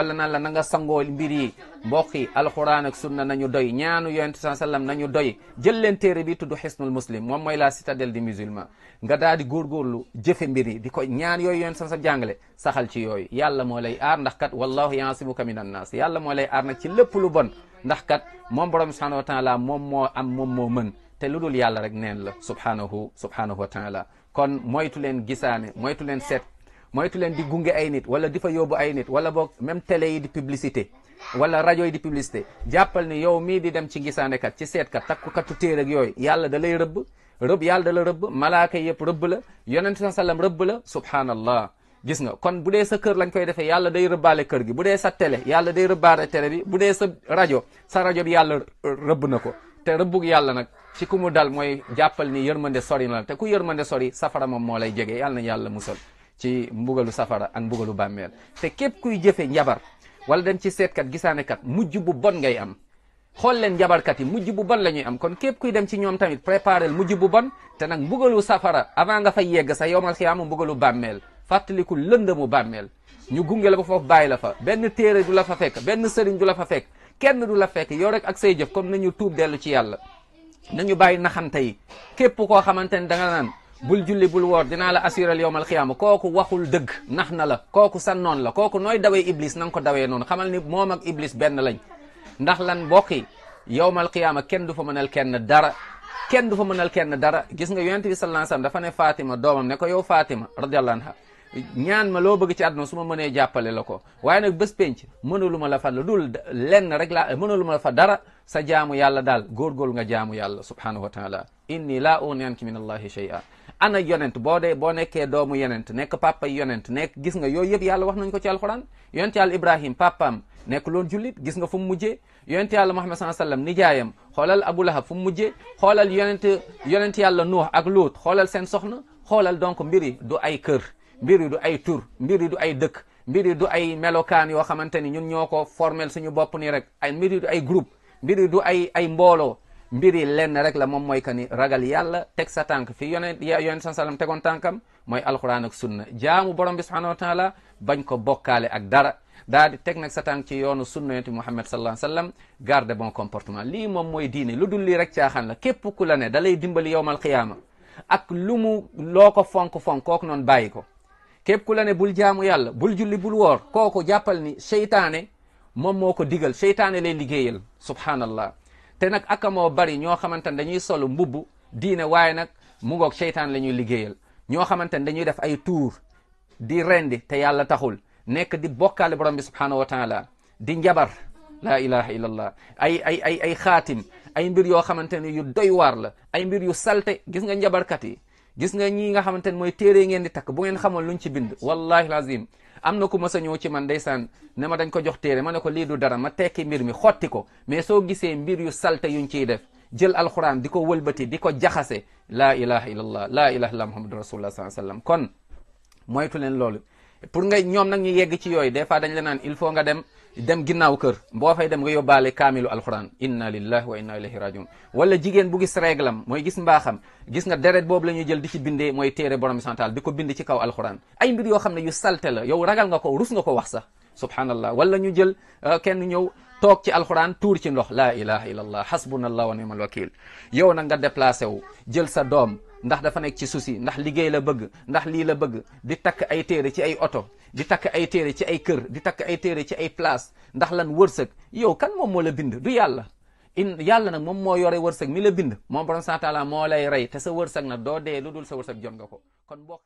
wala naan la na nga sangoo mbir yi mbokk yi alxuraan ak sunna nañu doy ñaanu yonent saa sallam nañu doy jël leen téere bi tudd xisnul muslim moom mooy la citadelle du musulman nga daal di góorgóorlu jëfe mbir yi di ko ñaan yooyu yonent saa sa jàngale saxal ci yooyu yàlla moo lay aar ndax kat wallahu yaasimuka min annaas yàlla moo lay aar nag ci lépp lu bon ndax kat moom borom subhanahu wa taala moom moo am moom moo mën te lu dul yàlla rek neen la subhanahu subhanahu wa taala kon moytu leen gisaane moytu leen seet moytu leen di gunge ay nit wala di fa yóbbu ay nit wala boog même télé yi di publicité wala rajo yi di publicité jàppal ni yow mii di dem ci gisaanekat ci seetkat takkukatu téer ak yooyu yàlla da lay rëbb rëbb yàlla da la rëbb malaaka yëpp rëbb la yonent sa sallam rëbb la subhanallah gis nga kon bu dee sa kër lañ koy defee yàlla day rëbbaale kër gi bu dee sa télé yàlla day rëbbaale télé bi bu dee sa rajo sa rajo bi yàlla rëbb na ko te rëbbug yàlla nag ci ku dal mooy jàppal ni yërmande sori na la te ku yërmande safara moom moo lay jege yàlla na yàlla musal ci mbugalu safara ak mbugalu bàmmeel te képp kuy jëfe njabar wala dem ci seet kat seetkat gisaanekat mujj bu bon ngay am xool leen njabarkat yi mujj bu bon la ñuy am kon képp kuy dem ci ñoom tamit préparé mujj bu bon te nag mbugalu safara avant nga fay yegg sa yowmal xiyaama mbugalu bàmmeel fàttaliku mu bàmmeel ñu gunge la ba foofu bàyyi la fa benn téere du la fa fekk benn sëriñ du la fa fekk kenn du la fekk yow rek ak say jëf kon nañu tuub dellu ci yàlla bul julli bul woor dinaa la assurél yowmal xiyaama kooku waxul dëgg nax na la kooku sa noon la kooku nooy dawee iblis na ko dawee noonu xamal ni moom ak iblis benn lañ ndax lan mbokk yi yowmal xiyaama kenn du fa mënal kenn dara kenn du fa mënal kenn dara gis nga yonent bi sallallahu alayhi dafa ne Fatima doomam ne ko yow Fatima radiyallahu anha ñaan ma loo bëgg ci àdduna su ma mënee jàppale la ko waaye nag bés penc mënalu ma la fa lu dul lenn rek laa mënalu ma la fa dara sa jaamu yàlla daal góorgóorlu nga jaamu yàlla subhanahu wa taala inni laa ughni anki min allahi shay'a ana yonent boo dee boo nekkee doomu yonent nekk papa yonent nekk gis nga yooyu yëpp yàlla wax nañ ko ci alxuraan yonent yàlla ibrahim papaam nekk loon jullit gis nga fu mu mujjee yonent yàlla muhammad saa sallam nijaayam xoolal abu fu mu mujjee xoolal yonent yonent yàlla nuux ak luut xoolal seen soxna xoolal donc mbiri du ay kër mbiri du ay tur mbiri du ay dëkk mbiri du ay melokaan yoo xamante ni ñun ñoo ko formel suñu bopp nii rek ay mbiri du ay groupe mbiri du ay ay mbooloo mbir yi lenn rek la moom mooy que ni ragal yàlla teg sa tànk fi yonent yonent sa salam tegoon tànkam mooy alquran ak sunna jaamu borom bi subhanahu wa taala bañ ko bokkaale ak dara daal di teg nag sa tànk ci yoonu sunna yonent Muhammad sallallahu alayhi wasallam garde bon comportement lii moom mooy diine lu dul lii rek caaxaan la képp ku la ne da lay dimbali yowmal qiyaama ak lu mu loo ko fonk-fonk kooku bàyyi ko képp ku la ne bul jaamu yàlla bul julli bul woor kooku jàppal ni seytaane moom moo ko digal seytaane lay liggéeyal subhanallah te nag moo bari ñoo xamante ne dañuy solu mbubb diina waaye nag mu ngoog seytaan la ñuy liggéeyal ñoo xamante ne dañuy def ay tuur di rendi te yàlla taxul nekk di bokkaale borom bi subhaanahu wa taala di njabar laa ilaha illallah ay ay ay ay xaatim ay mbir yoo xamante ne yu doy waar la ay mbir yu salte gis nga njabarkat yi gis nga ñii nga xamante ne mooy téere ngeen di takk bu ngeen xamoon luñ ci bind wallahi lazim am na ku ma sa ñëw ci man ndeysaan ne ma dañ ko jox téere ma ne ko lii du dara ma tekki mbir mi xotti ko mais soo gisee mbir yu salte yuñ ciy def jël alxuraan di ko wëlbati di ko jaxase laa ilaha illallah laa ilaha illallah muhammadu rasulullah sallallahu alayhi wa sallam kon moytu leen loolu pour nga ñoom nag ñu yegg ci yooy des fois dañ la il faut nga dem dem ginnaaw kër boo fay dem nga yóbbaale kaamilu alxuraan inna lillahi wa inna ilayhi rajiun wala jigéen bu gis réglam mooy gis mbaaxam gis nga deret boobu la ñuy jël di ci bindee mooy téere borom bi santal di ko bind ci kaw alxuraan ay mbir yoo xam ne yu salte la yow ragal nga ko rus nga ko wax sax subhanallah wala ñu jël euh, kenn ñëw toog ci alxuraan tuur ci ndox la ilaha illallah hasbunallah wa ni'mal wakil yow nag nga déplacé wu jël sa doom ndax dafa nekk ci souci ndax liggéey la bëgg ndax lii la bëgg di takk ay téere ci ay oto di takk ay téere ci ay kër di takk ay téere ci ay place ndax lan wërsëg yow kan moom moo la bind du yàlla in yàlla nag moom moo yore wërsëg mi la bind moom borom sa taala moo lay rey te sa wërsëg nag doo dee lu dul sa wërsëg jot nga ko kon bokk